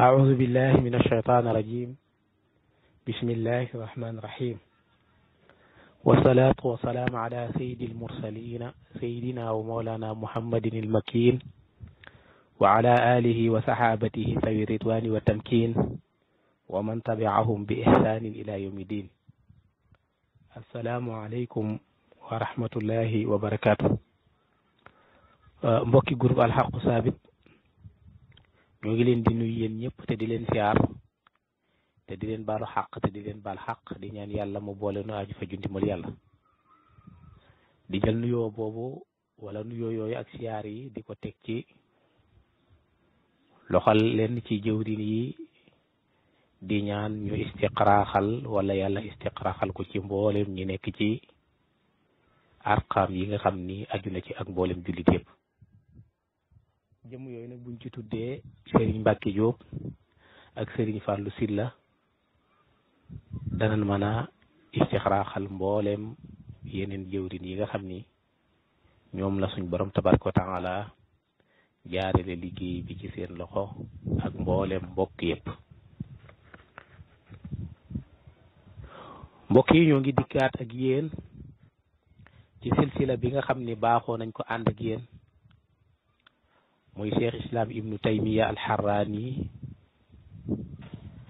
أعوذ بالله من الشيطان الرجيم بسم الله الرحمن الرحيم والصلاة والسلام على سيد المرسلين سيدنا ومولانا محمد المكين وعلى آله وصحابته في الرضوان والتمكين ومن تبعهم بإحسان إلى يوم الدين السلام عليكم ورحمة الله وبركاته آه، مبكي جروب الحق ثابت ñoo ngi leen di nuyu yéen ñëpp te di leen siyaar te di leen baalu xàq te di leen baal xaq di ñaan yàlla mu boole nu aju fa jundimal yàlla di jël nuyoo boobu wala nuyoo yooyu ak siyaar yi di ko teg ci loxal leen ci jëwrin yi di ñaan ñu istiqraaxal wala yàlla istiqraaxal ko ci mboolem ñi nekk ci arqam yi nga xam ni aju na ci ak mboolem jullit yëpp jëmm yooyu nag buñ ci tuddee Serigne Mbacke Diop ak Serigne Fallou Silla danañ mën a istixraaxal mbooleem yeneen jëwrin yi nga xam ni ñoom la suñ borom tabaraka taala jaarale liggéey bi ci seen loxo ak mbooleem mbokk yëpp mbokk yi ngi dikkaat ak yéen ci silsila bi nga xam ni baaxoo nañ ko ànd ak yéen moy cheikh islam ibnu taymiya alxarraani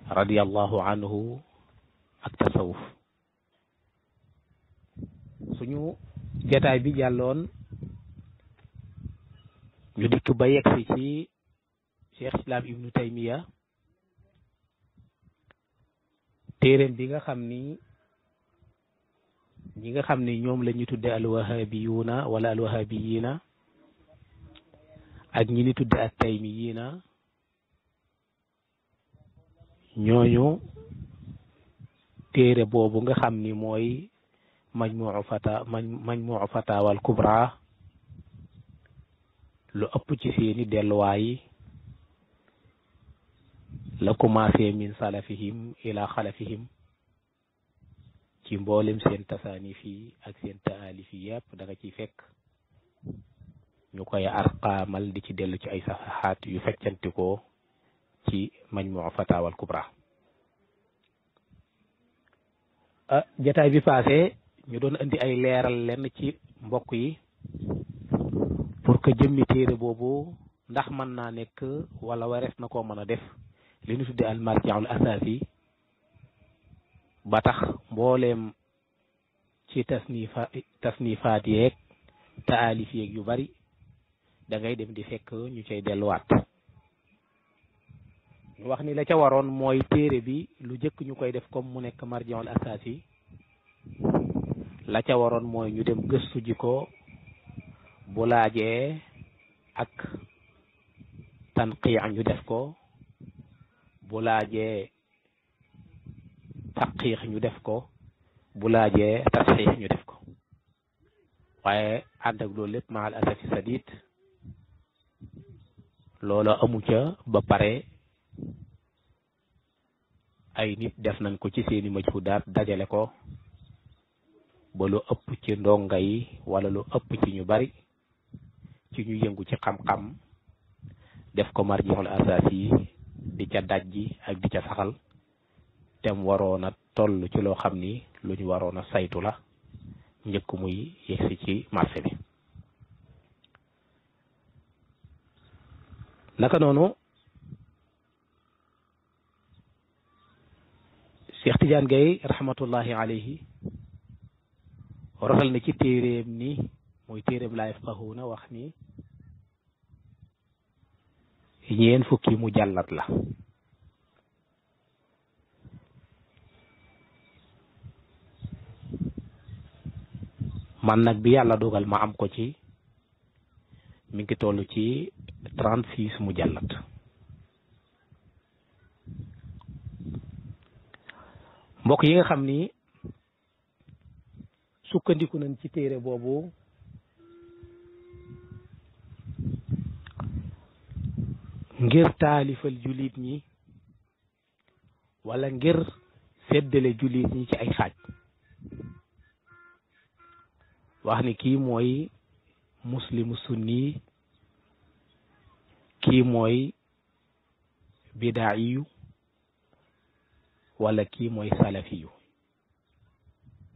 radiallahu anhu ak tasawuf suñu jataay bi jàlloon ñu dikk ba yegsi ci cheikh islam ibnu taymiya téeréem bi nga xam ni ñi nga xam ni ñoom la ñu tudde alwahabiyuuna wala alwahabiyina ak ñi ni tudde ak tay mi yii na ñooñu téere boobu nga xam ni mooy majmuu fata majmuu fatawal kubra lu ëpp ci seeni delluwaay la commencé min salafihim ila xalafihim ci mboolem seen tasaanif yi ak seen taalif yi yëpp da nga ciy fekk ñu koy arqaamal di ci dellu ci ay safaxaat yu feccantikoo ci majmuu fataawal kubra ah, jataay bi passé ñu doon indi ay leeral lenn ci mbokk yi pour que jëmmi téere boobu ndax mën naa nekk wala warees na koo mën a def li ñu tuddee al marjaul ba tax mbooleem ci tasnifa tasnifaat yeeg taalif yeeg yu bari da ngay dem di fekk ñu cay delluwaat wax ni la ca waroon mooy téere bi lu jëkk ñu koy def comme mu nekk marjiul asaas yi la ca waroon mooy ñu dem gëstu ji ko bu laajee ak tanqiya ñu def ko bu laajee taqiix ñu def ko bu laajee ñu def ko waaye ànd lool loolu lépp maal asafi sadid loola amu ca ba pare ay nit def nañ ko ci seeni majhudaat dajale ko ba lu ëpp ci ndonga yi wala lu ëpp ci ñu bari ci ñu yëngu ci xam-xam def ko marjixul asaas yi di ca dajji ak di ca saxal tem waroon a toll ci loo xam ni lu ñu waroon a saytu la njëkk muy yegsi ci marché bi naka noonu Cheikh Tidiane Gaye rahmatullahi alayhi rotal na ci téeréem ni muy téeréem laa yafqahuuna wax ni ñeen fukki mu jàllat la man nag bi yàlla dogal ma am ko ci mi ngi toll ci trente six mu jàllat mbokk yi nga xam ni sukkandiku nañ ci téere boobu ngir taalifal jullit ñi wala ngir seddale jullit ñi ci ay xaaj wax ni kii mooy muslimu sunni kii mooy bidaayiyu wala kii mooy salafiyu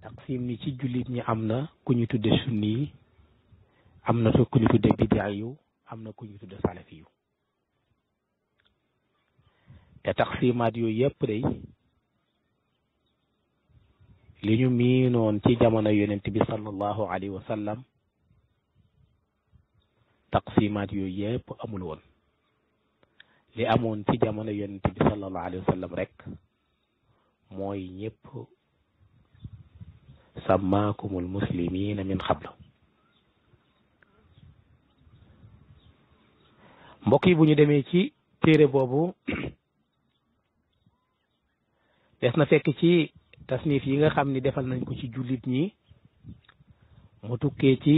taqsim ni ci jullit ñi am na ku ñu tudde sunni yi am na ku ñu tudde bidaayiyu am na ku ñu tudde salafiyu te taqsimaat yooyu yëpp day li ñu miinoon ci jamono yonent bi sallallahu alayhi wa sallam taqsimaat yooyu yëpp amul woon li amoon ci jamono yonent bi sallallahu alayhi rek mooy ñëpp sammaakumul muslimina min xablu mbokk yi bu ñu demee ci téere boobu des na fekk ci tasnif yi nga xam ni defal nañ ko ci jullit ñi mu tukkee ci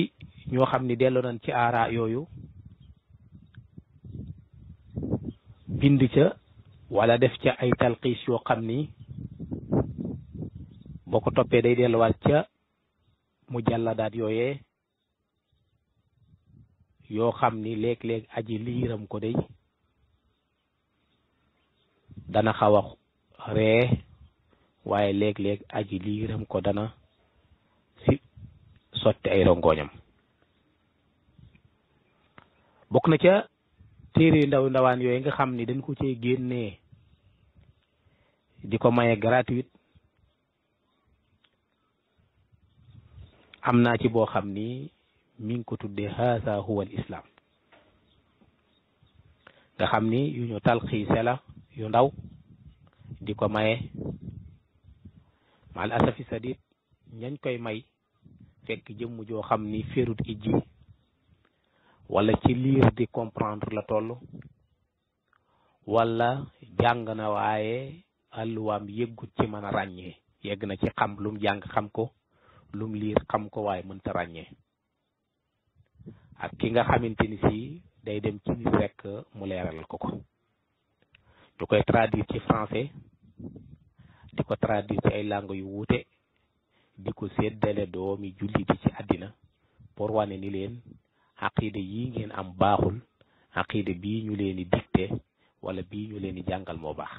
ñoo xam ni delloo nañ ci aara yooyu bind ca wala def ca ay talxiis yoo xam ni boo ko toppee day delluwaat ca mu daat yooyee yoo xam ni léeg-léeg aji liiram ko day dana xaw a ree waaye léeg-léeg aji liiram ko dana si sotti ay rongoñam bokk na ca téere yu ndaw ndawaan yooyu nga xam ni dañ ko ce génnee di ko maye gratuite am naa ci boo xam ni mi ngi ko tuddee haasa huwa al islam nga xam ni yu ñu talxiise la yu ndaw di ko maye mal asafi sadid ñañ koy may fekk jëm joo xam ni ferut ijji wala ci liir di comprendre la toll wala jàng na waaye àlluwaam yëggut ci mën a ràññee yegg na ci xam lum jàng xam ko lum liir xam ko waaye mënta ràññee ak ki nga xamante ni si day dem ci nit rek mu leeralal ko ko ñu koy traduire ci français di ko traduire ci ay langues yu wuute di ko seddale doomi jullit yi ci àddina pour wane ni leen aqida yi ngeen am baaxul aqida bii ñu leen di walla wala ñu leen di jàngal moo baax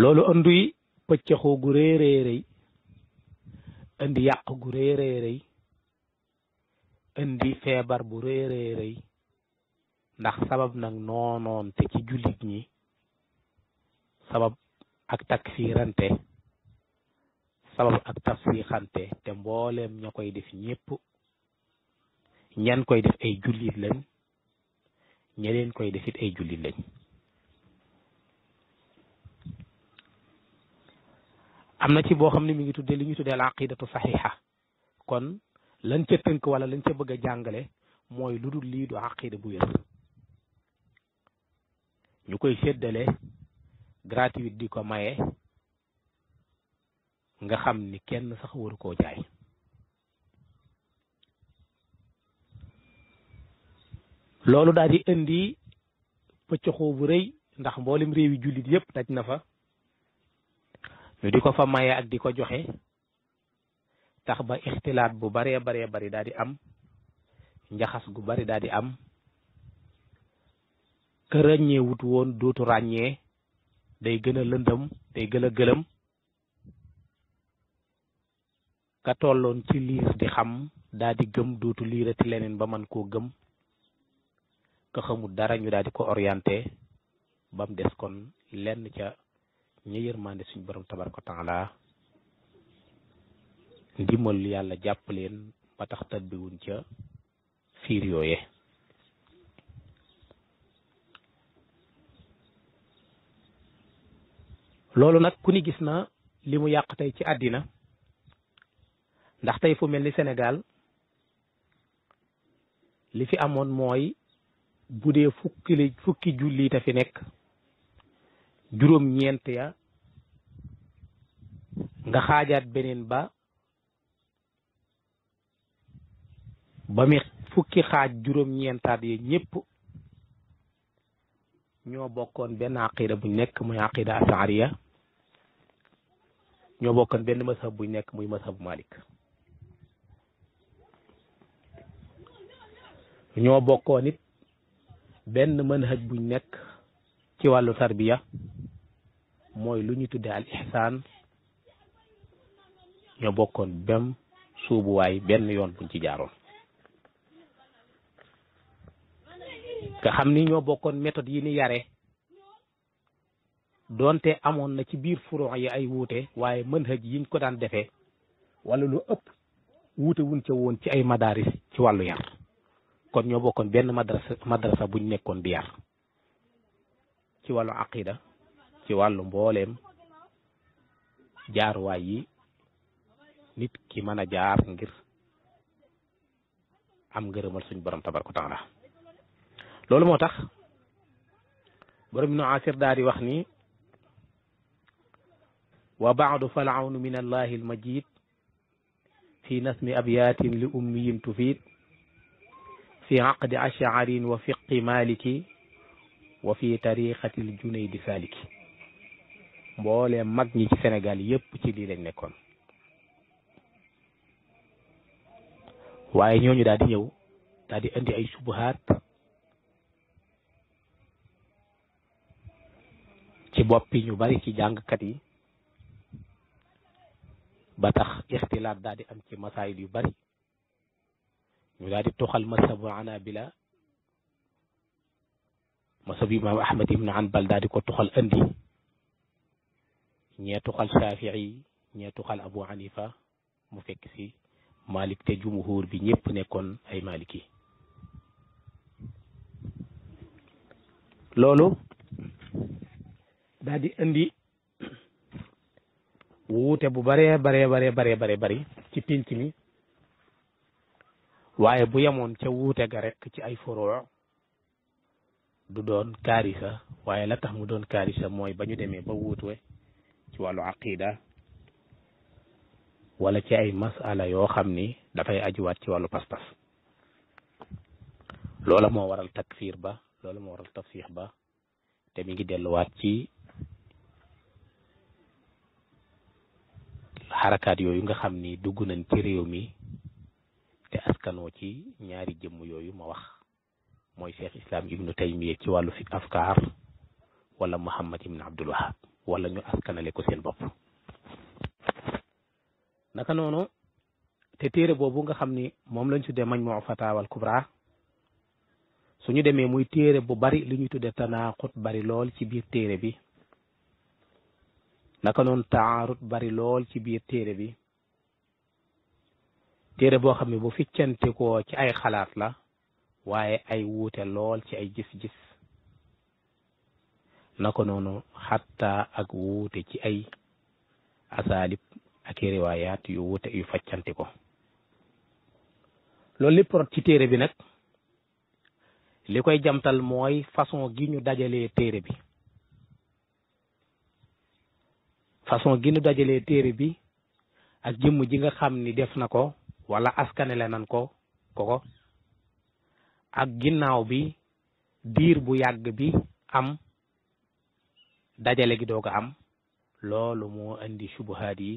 loolu anduy pëccëxoo gu rëy rëy rëy indi yàq gu rëy rëy rëy indi feebar bu rëy rëy rëy ndax sabab nag noonoon ci jullit ñi sabab ak takfirante sabab ak tasfiixante te mbooleem ña koy def ñépp ñan koy def ay jullit lañ ña leen koy defit ay jullit lañ am na ci boo xam ne mi ngi tuddee li ñu tuddee al aqidatu saxiixa kon lañ ca tënk wala lañ ca bëgg a jàngale mooy lu dul lii du aqida bu wér ñu koy séddale gratuite di ko maye nga xam ni kenn sax waru koo jaay loolu daal di indi pëccëxoo bu rëy ndax mboolem réew yi jullit yëpp daj na fa ñu di ko fa maye ak di ko joxe tax ba ixtilaat bu bare baree bari daal di am njaxas gu bari daal di am ka ràññee woon dootu ràññee day gën a lëndëm day gën a gëlëm ka tolloon ci liir di xam daa di gëm dootu liirati leneen ba man koo gëm ka xamul dara ñu daal di ko orienté ba mu des kon lenn ca ñi yërmande suñu borom tabaraka taala ndimbal yàlla jàpp leen ba tax tëddiwuñ ca fiir yooye loolu nag ku ni gis na li mu yàq tey ci àddina ndax tey fu mel ni Sénégal li fi amoon mooy budee dee fukki li fukki jullit fi nekk juróom-ñeent ya nga xaajaat beneen ba ba mi fukki xaaj juróom-ñeentaat ya ñëpp ñoo bokkoon benn aqida buñ nekk muy aqida asaariya ñoo bokkoon benn masab buñ nekk muy masab Malik ñoo bokkoon it benn manhaj buñ nekk ci wàllu tarbiya mooy lu ñu tudde al ihsaan ñoo bokkoon bem suubuwaay benn yoon buñ ci jaaroon nga xam ni ñoo bokkoon méthode yi ni yare doonte amoon na ci biir furon yi ay wuute waaye mën manhaj yiñ ko daan defee wala lu ëpp wuute wuñ ca woon ci ay madaaris ci wàllu yar kon ñoo bokkoon benn madrasa madrasa buñ nekkoon di yar ci wàllu aqida ci wàllu mbooleem jaaruwaay yi nit ki mën a jaar ngir am ngërëmal suñ borom tabaraka taala loolu moo tax borom ibnu asir daal wax ni wa baadu falaawnu min allahi almajid fi nasmi abyatin li ummiyin tufiid fi aqdi ashaarin wa fiqi maliki wa fi tariqatil junaydi saliki mboolee mag ñi ci Sénégal yépp ci lii lañ nekkoon waaye ñooñu daal di ñëw daal di indi ay subuhaat ci boppi ñu bari ci jàngkat yi ba tax ixtilaat daal am ci masaayil yu bari ñu daal di toxal masabu anabila masabu imam ahmad ibn hanbal daal ko toxal andi ñee toxal shafii ñee toxal abu hanifa mu fekk si malik te jumhur bi ñëpp nekkoon ay maliki loolu daal andi wuute bu bare bare bare bare bare ci pinc mi waaye bu yemoon ca wuute ga rek ci ay furoo du doon kaarisa waaye la tax mu doon kaarisa mooy ba ñu demee ba wuutwe ci wàllu aqida wala ci ay masala yoo xam ni dafay ajuwaat ci wàllu pas-pas loola moo waral takfir ba loola moo waral tafsix ba te mi ngi delluwaat ci xarakaat yooyu nga xam ni dugg nañ ci réew mi te askanoo ci ñaari jëmm yooyu ma wax mooy cheikh islam ibnu taymiya ci wàllu fi afkaar wala muhammad ibn abdul wahab wala ñu askanale ko seen bopp naka noonu te téere boobu nga xam ni moom lañ tuddee majmuu fataawal su ñu demee muy téere bu bari li ñuy tuddee tanaaqut bari lool ci biir téere bi naka noonu taarut bari lool ci biir téere bi téere boo xam ne bu ficcantikoo ci ay xalaat la waaye ay wuute lool ci ay gis-gis na ko noonu xatta ak wuute ci ay asaalib ak i yu wuute yu faccanti ko loolu lépp ci téere bi nag li koy jamtal mooy façon gi ñu dajalee téere bi façon gi ñu dajalee téere bi ak jëmm ji nga xam ni def na ko wala askanele nan ko koko ak ginnaaw bi diir bu yàgg bi am dajale gi doog a am loolu moo indi subuhaat yi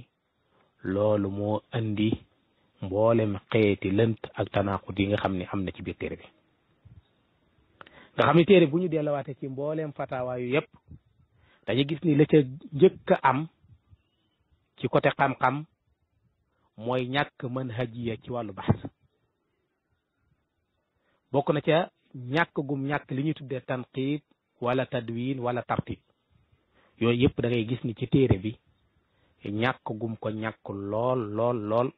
loolu moo indi mboolem xeeti lënt ak tanaaxut yi nga xam ne am na ci biir téere bi nga xam ne téere bu ñu delluwaatee ci mbooleem fatawaayu yépp dañu gis ni la ca njëkk am ci côté xam-xam mooy ñàkk mën hajiya ci wàllu baxs bokk na ca ñàkk gum ñàkk li ñuy tuddee tanqiid wala tadwin wala tartib yooyu yëpp dangay gis ni ci téere bi ñàkk gum ko ñàkk lool lool lool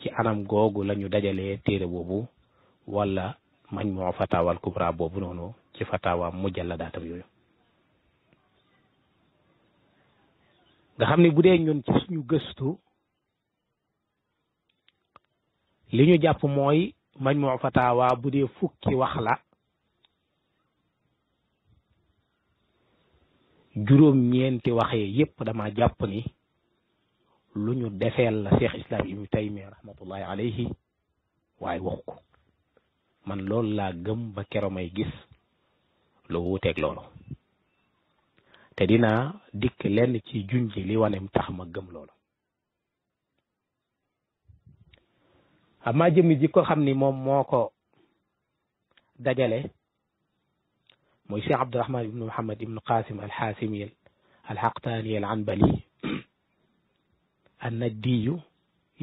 ci anam googu lañu ñu dajalee téere boobu wala mañ moo fataawal kubra boobu noonu ci fataawaa mujjalladaatam yooyu nga xam ne bu dee ñun ci suñu gëstu li ñu jàpp mooy majmu fatawa bu dee fukki wax la juróom-ñeenti waxee yépp dama jàpp ni lu ñu defeel la cheikh islam ibnu taymiya rahmatullahi alayhi waaye waxu ko man loolu laa gëm ba kero may gis lu wuuteeg loolu te dinaa dikk lenn ci junj li mu tax ma gëm loolu amaa jëmmi ji ko xam ni moom moo ko dajale mooy cheikh abdurahman ibnu muhammad ibnu qasim alxaasimi alxaqtaani al anbali an najdiyu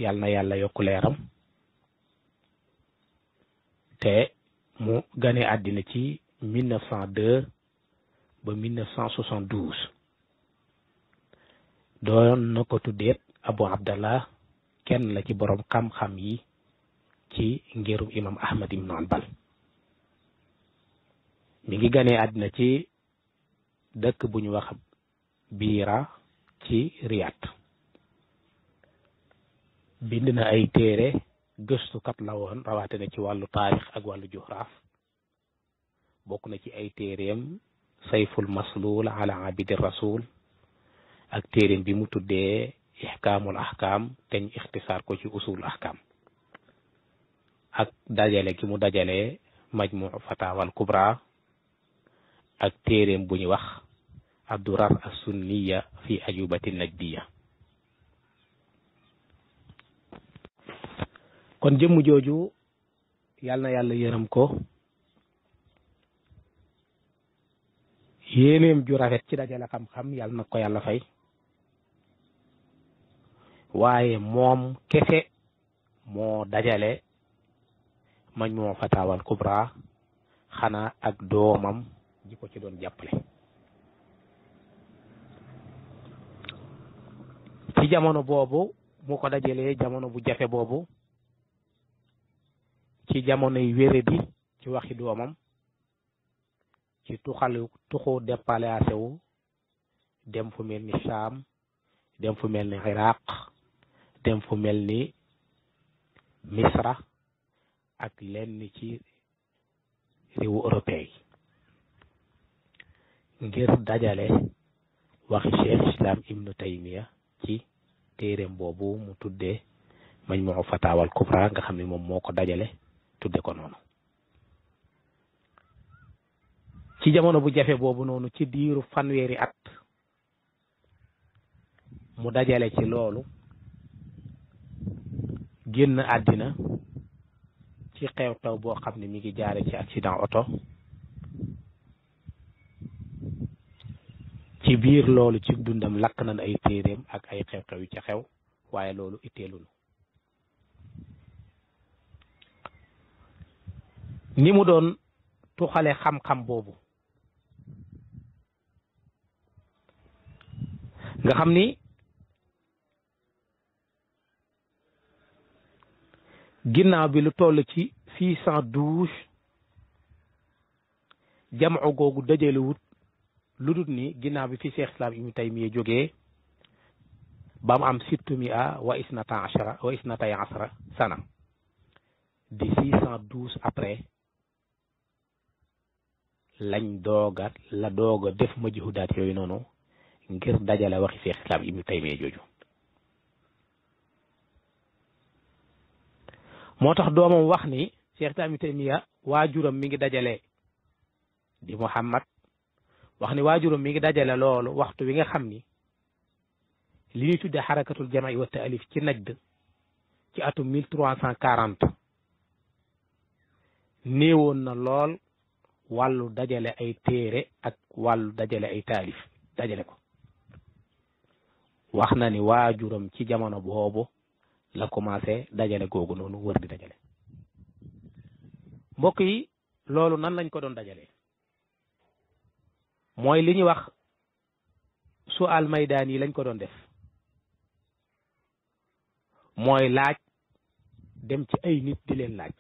yàll na yàlla yokk leeram te mu gane àddina ci mille cent deux ba 1972 doon na ko tuddee abu abdallah kenn la ci boroom xam-xam yi ci ngirum imam ahmad ibn hanbal mi ngi ganee àddina ci dëkk bu ñu wax biira ci riyad bind na ay téere gëstukat la woon rawaate na ci wàllu taarix ak wàllu juxraaf bokk na ci ay téereem سيف المصلول على عبيد الرسول اكتيرين بموت دي احكام الاحكام تن اختصار كوشي اصول الاحكام اك داجالي كمو داجالي مجموع فتاوى الكبرى اكتيرين بني وخ الدرار السنية في أجوبة النجدية كون جمو جوجو يالنا يالا يرمكو yéeneem jur rafet ci dajale xam-xam yàlla na ko yàlla fay waaye moom kese moo dajale Majmuu Fataawal Kubra xanaa ak doomam ji ko ci doon jàppale ci jamono boobu mu ko dajalee jamono bu jafe boobu ci jamonoy wéré bi ci waxi doomam ci tuxalu tuxu déplacé wu dem fu mel ni Saam dem fu mel ni Iraq dem fu mel ni Misra ak lenn ci réewu européen yi ngir dajale waxi cheikh islam ibnu taymiya ci téeréem boobu mu tuddee majmuu fataawal kubra nga xam ne moom moo ko dajale tudde ko noonu ci jamono bu jafe boobu noonu ci diiru fanweeri at mu dajale ci loolu génn àddina ci xew-xew boo xam ne mi ngi jaare ci accident oto ci biir loolu ci dundam lakk nañ ay téeréem ak ay xew-xew yu ca xew waaye loolu itteelunu ni mu doon tuxale xam-xam boobu nga xam ni ginnaaw bi lu toll ci six cent googu dajalewut lu dut ni ginnaaw bi fi Cheikh Islam Ibn Taymiya jógee ba mu am sittumia wa isnata ashara wa isnatay asara sana di après lañ dooga la doog a def majhudaat yooyu noonu ngir dajale waxi seex islaam ibnu taymiya jooju moo tax doomam wax ni seex islaam ibnu taymiya waajuram mi ngi dajale di muhammad wax ni waajuram mi ngi dajale loolu waxtu wi nga xam ni li ñuy tuddee xarakatul jamai wa taalif ci najd ci atum mille trois cent quarante na lool wàllu dajale ay téere ak wàllu dajale ay taalif dajale ko wax na ni waajuram ci jamono boobu la commencé dajale googu noonu wër di dajale mbokk yi loolu nan lañ ko doon dajale mooy li ñuy wax su al maydaan yi lañ ko doon def mooy laaj dem ci ay nit di leen laaj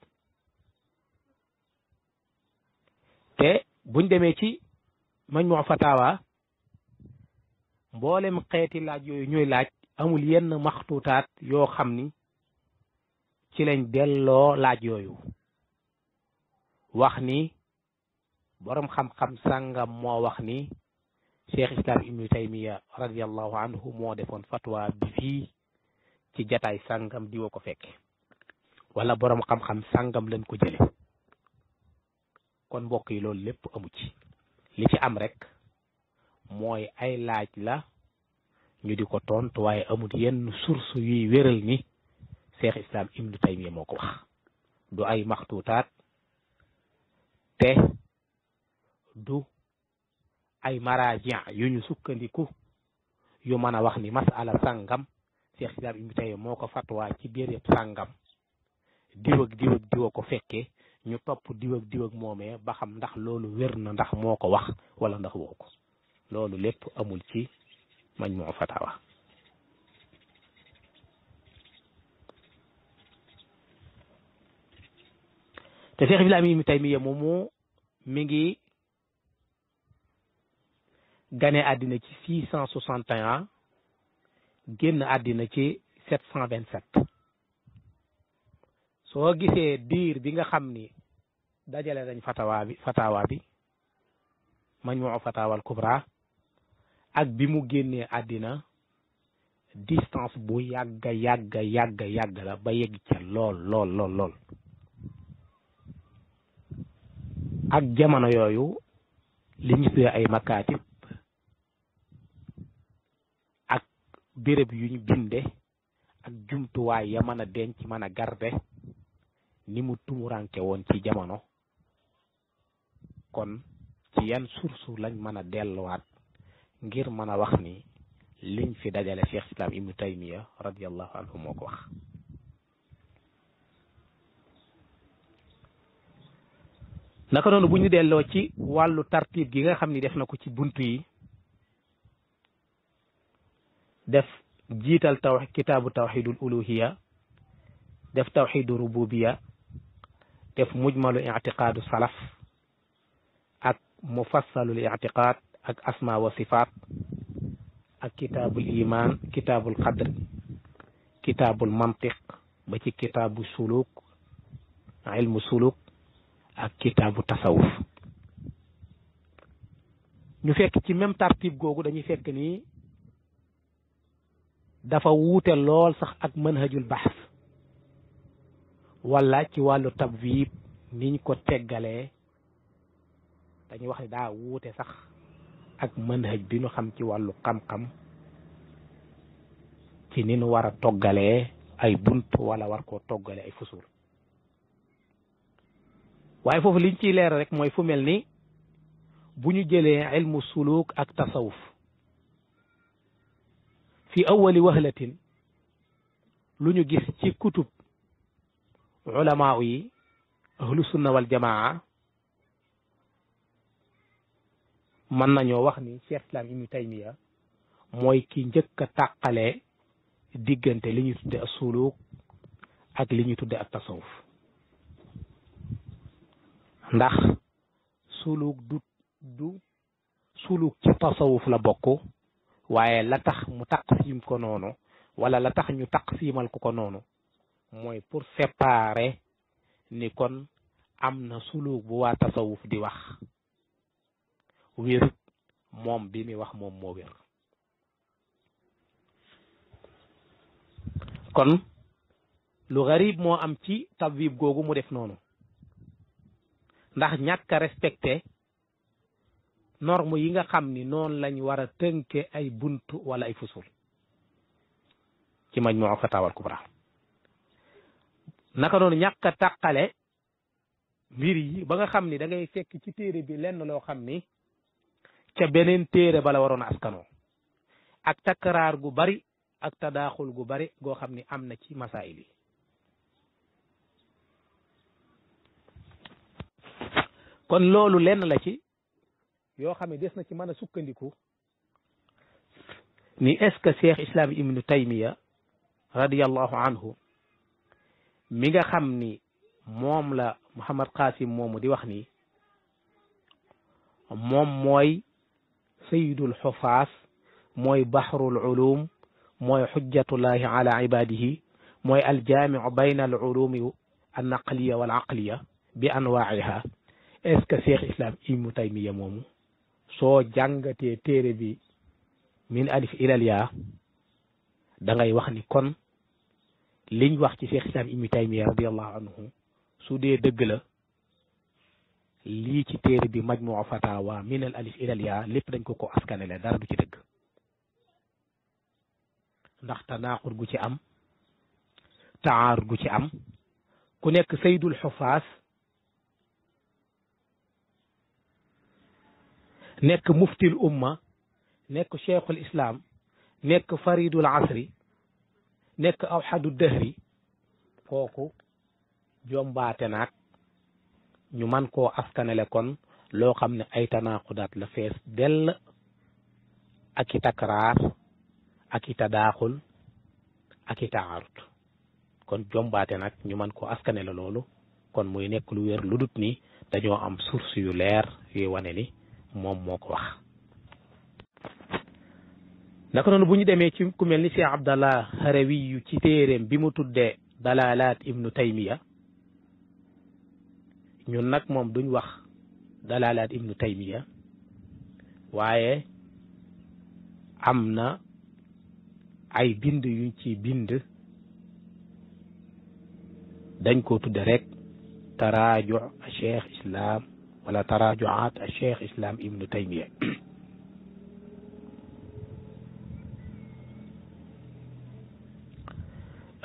te buñ demee ci mañ moo fataawa mboolem xeeti laaj yooyu ñuy laaj amul yenn maxtuutaat yoo xam ni ci lañ delloo laaj yooyu wax ni boroom xam-xam sàngam moo wax ni cheikh islam ibnu taymiya radiallahu anhu moo defoon fatwa bi fii ci jataay sàngam di ko fekke wala boroom xam-xam sàngam lañ ko jële kon mbokk yi loolu lépp amu ci li ci am rek mooy ay laaj la ñu di ko tontu waaye amul yenn source yuy wéral ni cheikh islam ibnu taymiya moo ko wax du ay maxtuutaat te du ay maraji yu ñu sukkandiku yu mën a wax ni masala sàngam cheikh islam ibnu taymiya moo ko fatwa ci béréb sàngam diw ak diw ko fekkee ñu topp diw ak diw ak ba xam ndax loolu wér na ndax moo ko wax wala ndax woo ko loolu lépp amul ci majmuu fatawa te Cheikh Ibrahim Ibn Taymiya moomu mi ngi gane àddina ci six cent soixante et génn àddina ci sept cent vingt sept soo gisee diir bi nga xam ni dajale nañ fatawa bi fatawa bi majmuu fatawa al kubra ak bi mu génnee àddina distance bu yàgga yàgga yàgga yàgg la ba yegg ca lool lool lool ak jamono yooyu li ñu tuddee ay makaatib ak yu yuñ binde ak jumtuwaay ya mën a denc mën a garde ni mu tumuranke woon ci jamono kon ci yan source lañ mën a delluwaat ngir mën a wax ni liñ fi dajale cheikh islam ibnu taymiya radiallahu anhu moo ko wax naka noonu bu delloo ci wàllu tartib gi nga xam ni def na ko ci bunt yi def jiital taw kitaabu tawxidul uluhiya def tawxidu rububiya def mujmalu ictiqaadu salaf ak mufassalul ictiqaad ak asma wa sifaat ak kitaabul iman kitaabul qadr kitaabul mantiq ba ci kitaabu suluk ilmu ak kitaabu tasawuf ñu fekk ci même tartib googu dañuy fekk nii dafa wuute lool sax ak manhajul bahs wala ci wàllu tab tabwib niñ ko teggalee dañuy wax ni daa wuute sax ak manhaj bi ñu xam ci wàllu xam-xam ci ni nu war a toggalee ay bunt walla war koo toggale ay fusuur waaye foofu liñ ciy leer rek mooy fu mel ni bu ñu jëlee ilmu suluk ak tasawuf fi awali wahlatin lu ñu gis ci kutub ulamaa yi ahlu sunna wal mën nañoo wax ni cheikh islam ibnu taymiya mooy ki njëkk a tàqalee diggante li ñuy tudde ak suluk ak li ñuy tudde ak tasawuf ndax suluk du du ci tasawuf la bokk waaye la tax mu taqsim ko noonu wala la tax ñu taqsimal ko ko noonu mooy pour séparer ni kon am na suluk bu waa tasawuf di wax wérut moom bi muy wax moom moo wér kon lu garib moo am ci tabwib googu mu def noonu ndax ñàkk a respecté norme yi nga xam ni noonu lañ war a tënke ay bunt wala ay fusul ci majmuu fataawal kubra naka noonu ñàkk a tàqale mbir yi ba nga xam ni da fekk ci téere bi lenn loo xam ni ca beneen téere bala waroon a askanoo ak takkaraar gu bari ak tadaaxul gu bari goo xam ni am na ci masaayil yi kon loolu lenn la ci yoo xam ne des na ci mën a sukkandiku ni est-ce que cheikh islam ibnu taymiya radiallahu anhu mi nga xam ni moom la muhammad qasim moomu di wax ni moom mooy سيد الحفاظ موي بحر العلوم موي حجة الله على عباده موي الجامع بين العلوم النقلية والعقلية بأنواعها اسك شيخ الإسلام إيمو تيمية مومو سو جانغ تي من ألف إلى الياء دعاي واخني كون لين وحش شيخ الإسلام إيمو تيمية رضي الله عنه سودي دقلة li ci téré bi majmu' fatawa min al alif ila al-ya lépp dañ ko ko askanele dara du ci dëgg ndax tanaqur gu ci am taar gu ci am ku nekk saydul xufaas nekk muftil umma nek sheikhul islam nek faridul asri nek awhadud dahri koku jombaté nak ñu man koo askaneele kon loo xam ne ay tanaaqudaat la fees dell ak i takraar ak i tadaaxul ak i taarut kon jombaate nag ñu man koo askanele loolu kon muy nekk lu wér lu dut ni dañoo am source yu leer yuy wane ni moom moo ko wax naka noonu bu ñu demee ci ku mel ni Cheikh Abdallah Harawi ci téeréem bi mu tuddee dalalaat ibnu taymiya ñun nag moom duñ wax dalaalaat ibnu taymiya waaye am na ay bind yuñ ci bind dañ ko tudde rekk taraaju cheikh islam wala taraajuaat cheikh islam ibnu taymiya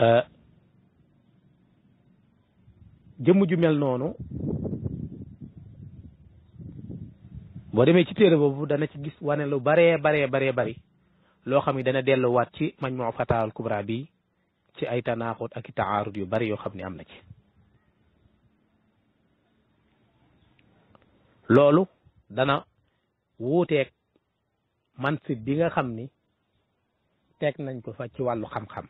euh, jëmm ju mel noonu boo demee ci téere boobu dana ci gis wane lu baree baree baree bari loo xam ne dana delluwaat ci mañ moo fataal kubra bi ci ay tanaaxut ak i yu bari yoo xam ne am na ci loolu dana wuuteeg mansib bi nga xam ni teg nañ ko fa ci wàllu xam-xam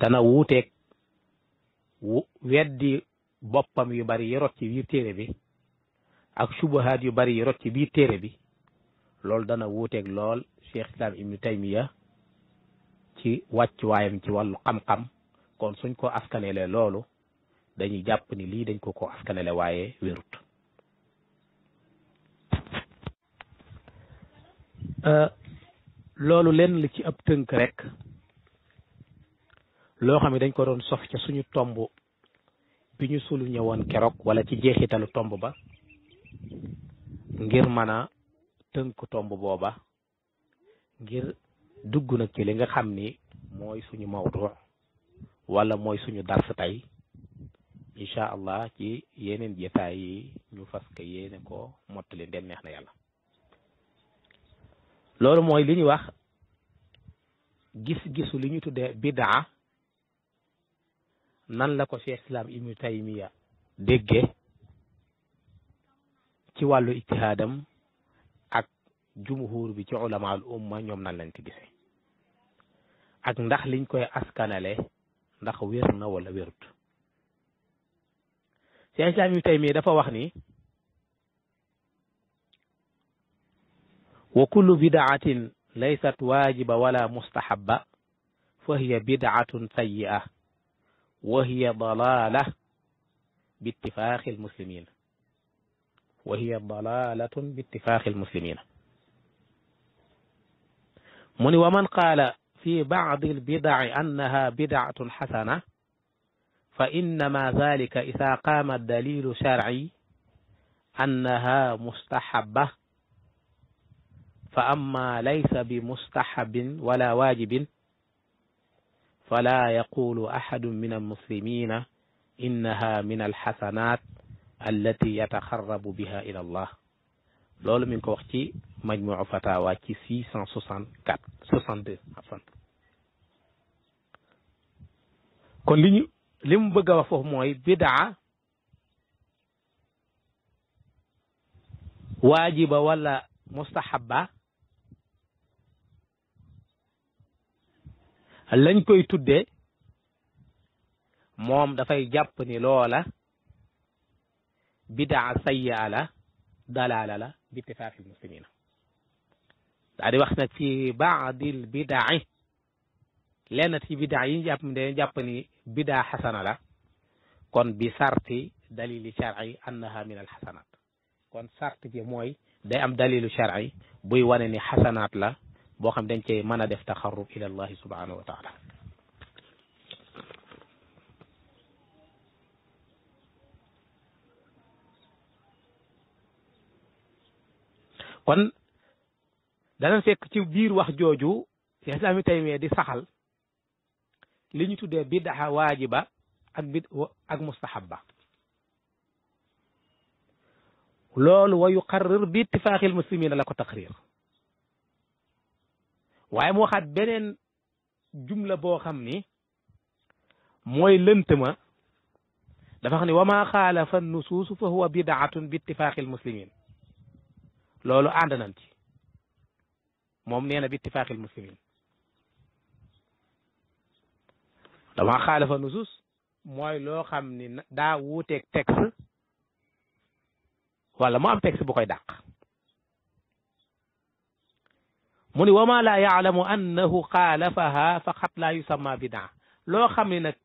dana wuuteeg weddi boppam yu bari yi rot ci biir téere bi ak subahaat yu bari yi rot ci biir téere bi loolu dana wuuteeg lool cheikh islam ibnu taymiya ci wàccuwaayam ci wàllu xam-xam kon suñ ko askanele loolu dañuy jàpp ni lii dañ ko ko askanele waaye wérut euh, loolu lenn li ci ab tënk rekk loo xam ne dañ ko doon sof ca suñu tomb bi ñu sulu ñëwoon keroog wala ci jeexitalu tomb ba ngir mën a tënk tomb booba ngir dugg nag ci li nga xam ni mooy suñu mawdu wala mooy suñu dars tey incha allah ci yeneen jataay yi ñu fas ka ko mottali ndem neex na yàlla loolu mooy li wax gis-gisu li ñu tuddee bidaa nan la ko cheikh islam ibnu taymiya dégge ci wàllu ijtihaadam ak jumhur bi ci ulama al ñoom nan lañ ko ak ndax liñ koy askanale ndax wér na wala wérut cheikh islam ibnu taymiya dafa wax ni wa kullu bidaatin laysat waajiba wala mustahabba fa hiya bidaatun sayyi'a وهي ضلالة باتفاق المسلمين وهي ضلالة باتفاق المسلمين من ومن قال في بعض البدع أنها بدعة حسنة فإنما ذلك إذا قام الدليل شرعي أنها مستحبة فأما ليس بمستحب ولا واجب فلا يقول أحد من المسلمين إنها من الحسنات التي يتخرب بها إلى الله لول من كوختي مجموع فتاوى كي 664 62 كون لي لم بغا وفو موي بدعة واجبة ولا مستحبة lañ koy tuddé mom da fay jàpp ni lola bid'a sayyala dalala la bi ittifaaqi muslimina daa di wax ci ba'd al bid'ah lenn ci bid'ah yi jàpp ni jàpp ni bid'a hasana la kon bi sarti dalil shar'i annaha min al hasanat kon sarti ji moy day am dalil shar'i buy wane ni hasanat la bo xam dañ cee mëna def taxarrub ila allah subhanahu wa taala kon da na fekk ci biir wax joju jooju islaami taymi di saxal li ñu tuddee bidaa waajiba ak bid ak mustahabba lolu wa yuqarrir bi ittifaqil muslimin lako ko taqrir waaye mu waxaat beneen jumla boo xam ni mooy lënt ma dafa xam ni wa ma xaalafa nusuusu fa huwa bidaatun bi ittifaaqil muslimin loolu ànd nañ ci moom nee na bi ittifaaqil muslimin dama xaalafa nusuus mooy loo xam ni daa wuuteeg texte wala mu am texte bu koy dàq mu ni wa ma laa yaalamu annahu xaalafaha faqat laa yusamma bidaa loo xam ni nag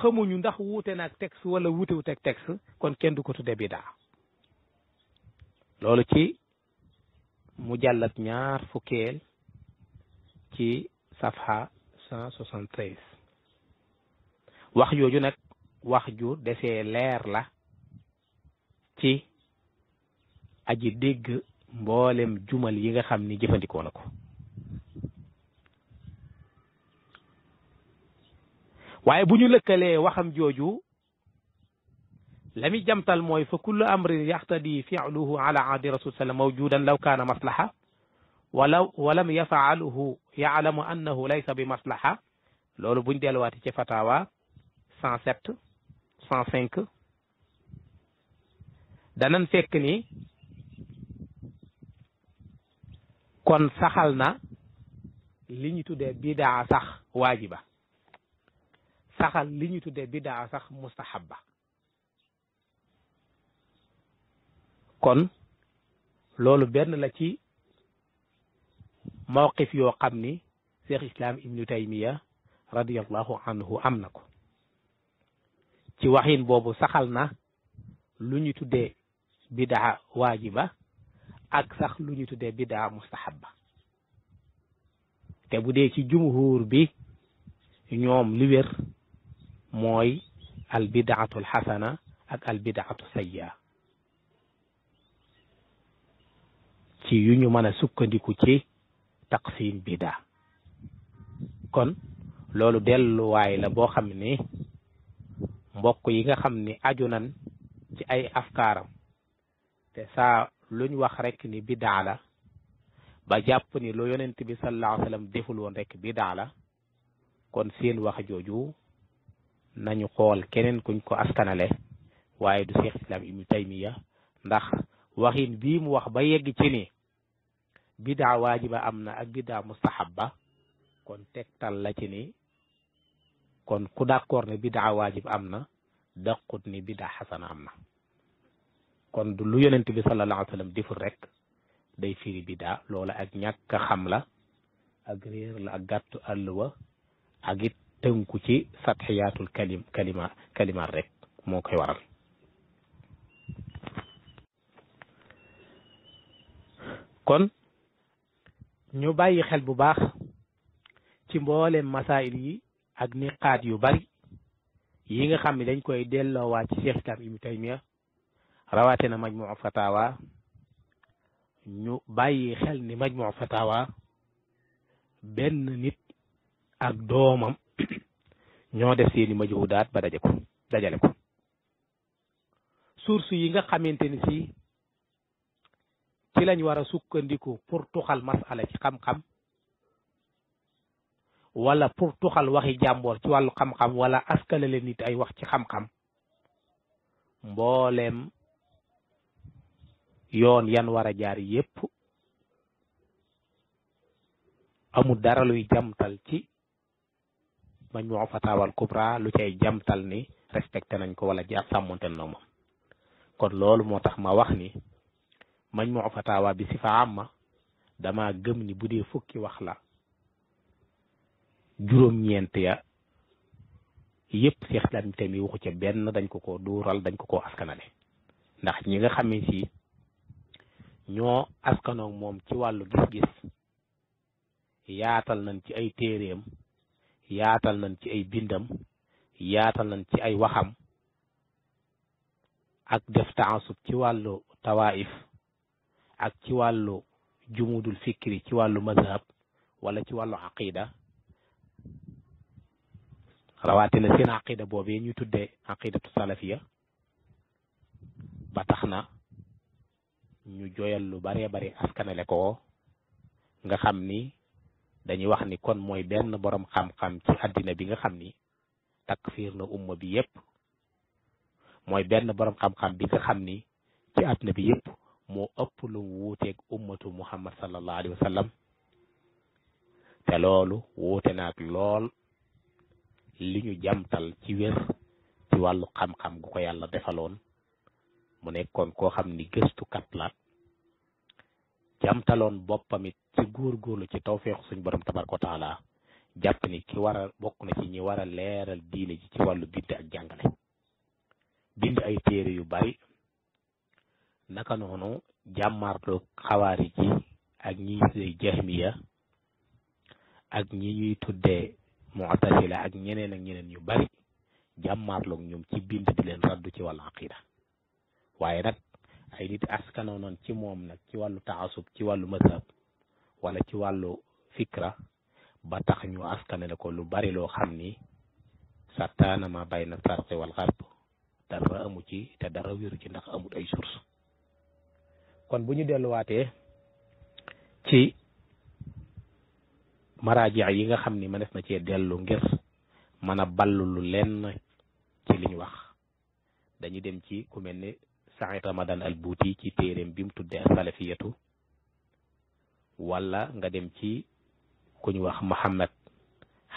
xamuñu ndax wuute naag texte wala wuutewut ak texte kon kenn du ko tudde bidaa loolu ci mu jàllat ñaar fukkeel ci safha cent soixante treize wax jooju nag wax ju desee leer la ci aji dégg mboolem jumal yi nga xam ni jëfandikoo na ko waaye bu ñu lëkkalee waxam jooju la muy jamtal mooy fa kullu amrin yaxtadi filuhu ala ahdi rasul sallam mawjudan law kaana maslaha walaw walam yafaaluhu yaalamu annahu laysa bi maslaha loolu buñ delluwaati ci fatawa cent sept cent cinq danan fekk ni kon saxal na li ñu tuddee bidaa sax waajiba saxal li ñu tuddee bidaa sax mustahabba kon loolu benn la ci mawqif yoo xam ni cheikh islam ibnu taymiya radiallahu anhu am na ko ci waxin boobu saxal na lu ñu tuddee bidaa waajiba ak sax lu ñu tuddee bidaa mustahabba te bu dee ci jumhur bi ñoom li wér mooy al bidaatu ak al bidaatu sayya ci yu ñu mën a sukkandiku ci taqsim bidaa kon loolu delluwaay la boo xam ne mbokk yi nga xam ni aju nan ci ay afkaaram te saa luñ wax rek ni bidaa la ba jàpp ni lu yonent bi sallallahu alayhi wa rek bidaa la kon seen wax jooju nañu xool keneen kuñ ko askanale waaye du Cheikh Islam Ibnu Taymiya ndax waxin bii mu wax ba yegg ci ni bidaa am na ak bidaa ba kon tegtal la ci ni kon ku d'accord ne bidaa waajib am na daqut ni bidaa xasana am na kon du lu yonent bi sallallahu alayhi wa rek day firi bidaa loola ak ñàkk xam la ak réer la ak gàttu àlluwa ak it tënku ci satxiyaatul kalim rek moo koy waral kon ñu bàyyi xel bu baax ci mbooleem masaayil yi ak niqaat yu bari yi nga xam ne dañ koy delloowaat ci Cheikh Islam Ibnu Taymiya na rawatina majmuu fatawa ñu bàyyi xel ni maj majmuu fatawa benn nit ak doomam ñoo def seeni majhudaat ba daje ko dajale ko source yi nga xamante ni si ci lañ war a sukkandiku pour tuxal masala ci xam-xam wala pour tuxal waxi jàmboor ci wàllu xam-xam wala askalale nit ay wax ci xam-xam mbooleem yoon yan war jaar yépp amul dara luy jamtal ci majmuuca fataawal kubra lu cay jamtal ni respecté nañ ko wala jaar sàmmonte nag moom kon loolu moo tax ma wax ni majmuuca fataawa bi si fa amma dama gëm ni bu dee fukki wax la juróom-ñeent ya yëpp seex lan tamit waxu ca benn dañ ko ko duural dañ ko ko askanale ndax ñi nga xam si ñoo askanoog moom ci wàllu gis-gis yaatal nañ ci ay téereem yaatal nañ ci ay bindam yaatal nañ ci ay waxam ak def taasub ci wàllu tawaif ak ci wàllu jumudul fikri ci wàllu mazhab wala ci wàllu aqida rawatina seen aqida boobee ñu tuddee aqidatu salafiya ba tax na ñu joyal lu baree bari askanale ko nga xam ni dañuy wax ni kon mooy benn borom xam-xam ci àddina bi nga xam ni takfiir na umma bi yépp mooy benn borom xam-xam bi nga xam ni ci àddina bi yépp moo ëpp lu wuuteeg ummatu muhammad sallallahu alayhi te loolu wuute naag lool li ñu jamtal ci wér ci wàllu xam-xam gu ko yàlla defaloon mu nekkoon koo xam ni gëstukat la jàmtaloon boppam it ci góorgóorlu ci tawféexu suñ borom tabaraka wa taala jàpp ni ki war bokk na ci ñi war a leeral diine ji ci wàllu bind ak jàngale bind ay téere yu bari naka noonu jàmmarloo xawaari ji ak ñi ñuy tuddee jahmiya ak ñi ñuy tuddee mu'tazila ak ñeneen ak ñeneen yu bari jàmmarloog ñoom ci bind di leen raddu ci wàllu aqida waaye nag ay nit askanoo noon ci moom nag ci wàllu taasub ci wàllu mazhab wala ci wàllu fikra ba tax ñu askanale ko lu bari loo xam ni sartaana ma bay na sarqi wal dara amu ci te dara wéru ci ndax amut ay source kon bu ñu delluwaatee ci jeex yi nga xam ni mënees na cee dellu ngir mën a ballu lu lenn ci liñ wax dañu dem ci ku mel ni Saïd Ramadan al Buuti ci téeréem bi mu tuddee salafiyatu wala nga dem ci ku ñu wax Muhammad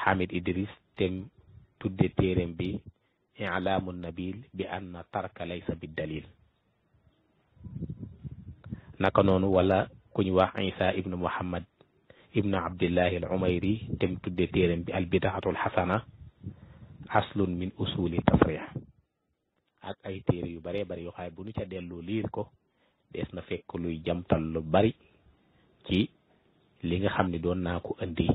Hamid Idris tem tudde téeréem bi ilaamu nabil bi anna tarka laysa bi dalil naka noonu wala ku ñu wax Isa ibnu Muhammad ibnu Abdillahi al Umayri tem tudde téeréem bi al bidaatu al xasana aslun min usuli tasrix ak ay téere yu baree bari yoo xam ne bu ñu ca delloo liir ko dees na fekk luy jamtal lu bari ci li nga xam ne doon naa ko indi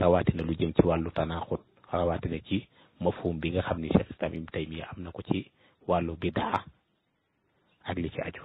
rawatina lu jëm ci wàllu tanaaxut rawatina ci mafhum bi nga xam ni Cheikh Islam Ibn Taymiya am na ko ci wàllu bidaa ak li ci aju